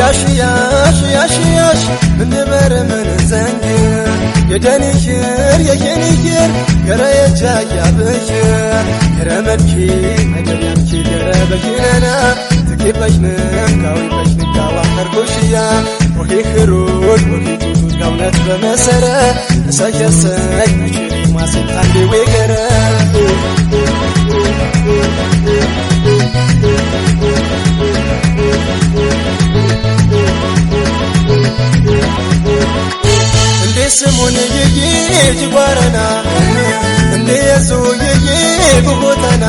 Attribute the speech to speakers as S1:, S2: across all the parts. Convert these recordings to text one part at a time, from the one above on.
S1: ያሽ ያሽ ያሽ ያሽ ምን ምን ዘንግር የደንሽር የሸንሽር ገረ የቻያብሽር ገረ መልኪ መደያቺ ገረ በሽነና ትቂበሽ ንካዊ በሽ ንካዋ ከርኩሽያ ወኪ ክሩሽ ወኪ ቱቱት ከውነት በመሰረ እሰየሰይ መሽሪ ማስንታንዴ ወገረ ስሙን ይዬ ጅጓረና እንደየሱ ይዬ ጉቦተና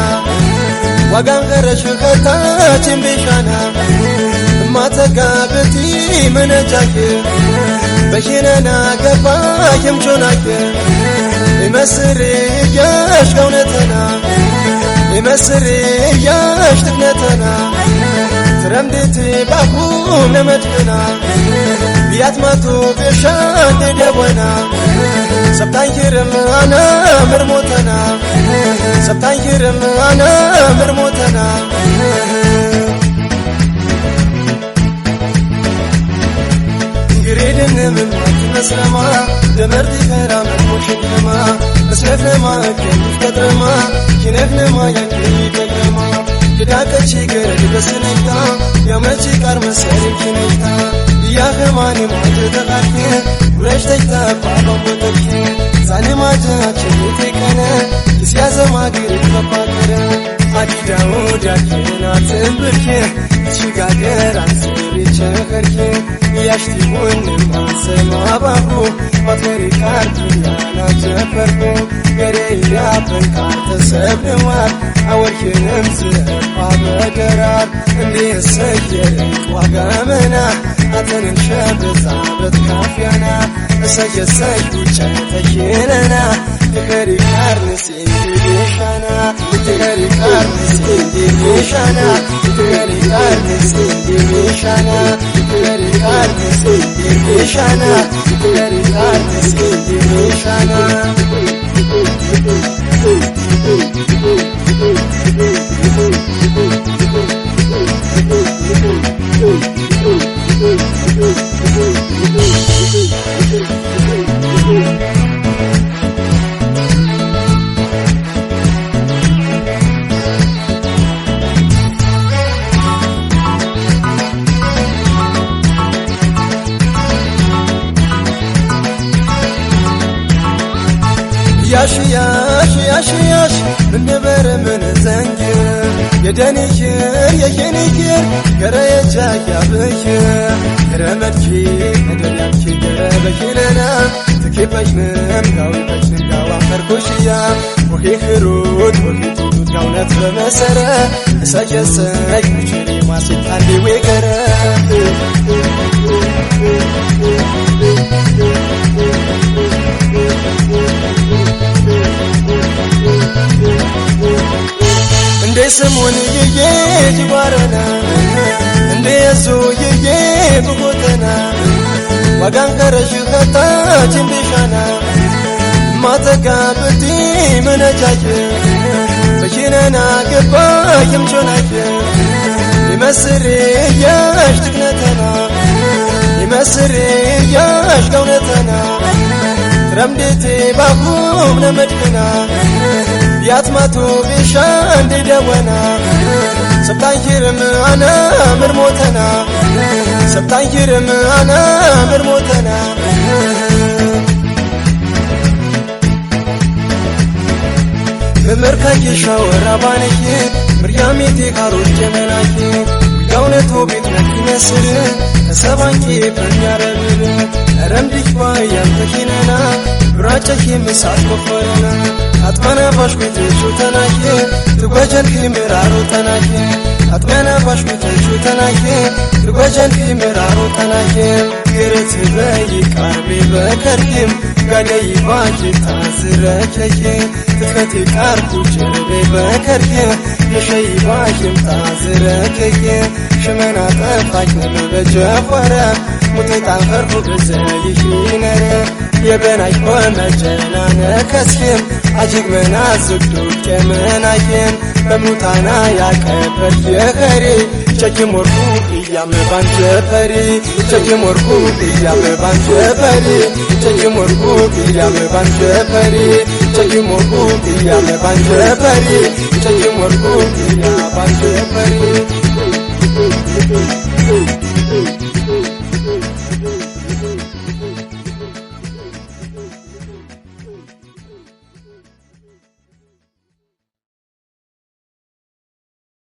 S1: ዋጋን ቀረሽ ከታችን ቢሻና እማተጋ ብቲ መነጃክ በሽነና ገባ የምቾናክ ይመስር እያሽ ከውነተና ይመስር እያሽ ትክነተና ትረምድት ባኩም ነመድፍና ياتمتو بشان دبونا سبتان يرم انا مرموتنا سبتان يرم انا مرموتنا قريدن من مسلمة دمرت كرام المشكلمة اسكفنا ما كنت كترما كنفنا ما يكيد كرما كداك شي قرد بسنكتا يا مجي كرم سرين كنكتا Zalimanım acıda kalbim Güreştekte babam bu tepki Zalim acı çekti tekene Siyaza girip kapatırım Hadi Davud yakın atın bırkı Çıkagır ansırı çakırkı Yaştı bunun ansıma babu Materi kartın yana çöpürkü Gereği yapın kartı sebrim var Avırkınım zırpa bıdırır Endişe yerik vagamına አተንን ሸብፃ በትካፍያና እሰየሰይ ውጫ ተኪለና ትከሪ ካርንስ ኢንዲሻና ትከሪ ካርንስ ኢንዲሻና ትከሪ ካርንስ ኢንዲሻና ትከሪ ካርንስ ኢንዲሻና ትከሪ ካርንስ ኢንዲሻና ያሽ ያሽ ያሽ ያሽ ምንበር ምን ዘንግር የደንይር የየንይር ገረ የጃያብህ ገረመድኪ መደያኪ ገረ በኪነና ትኬበጅንም ጋዊበጅንም ጋዋፈርኩሽያ ወሄ ህሩት ወሄ ትሉት ጋውነት በመሰረ እሰየሰይ ምችሪ ማሴት አንዴ ወገረ Thank you. ስሙን እየዬ ጅጓረና እንደ የሱ እየዬ ዋጋን ከረሽ ከታ ችንብሻና ማተጋ ብቲ መነጃየ በሽነና ገባ የምቾናየ ይመስሬ እያሽ ትክነተና ይመስሬ እያሽ ገውነተና ረምዴቴ ባኩም ነመድክና ያትመቱ ቢሻ እንዲ ደወና ሰብታይርም አነ ምር ሞተና ሰብታይርም አነ ምር ሞተና በመርካይሻው ራባንሽ ምርያሜቴ ካሮች ጀመናኪ የእውነቱ ቤት መስል ከሰባንኪ ፈኛረብብ ረምድሽ ያንተኪነና ማጨሽ የምሳኮፈርነ አጥመነባሽ ቤቶቹ ተናኬ ትጓጀን ምራሮ ተናኬ አጥመነባሽ ቤቶቹ ተናኬ ትጓጀን ምራሮ ተናኬ ግረት በይ ቃርቤ ገደይ ባጅታ ዝረከየ ትትከት ቃርኩ ጭሬ በከርየ የሸይ ባሽምታ ዝረከየ ሽመና ጠፋኝ በጀፈረ ሙጤጣ ፈርሁ ብዘይሽ ነረ የበናይ ኮመጀና ነከስየም አጅግ መና ዝግዱ ቄመናየም በሙታና ያቀበል የኸሬ ጨጅም ወርኩ እያመ ባንጀፈሪ ጨጅም ወርኩ እያመ ባንጀፈሪ Çeki murku kıyame ban şeferi Çeki murku kıyame ban şeferi Çeki murku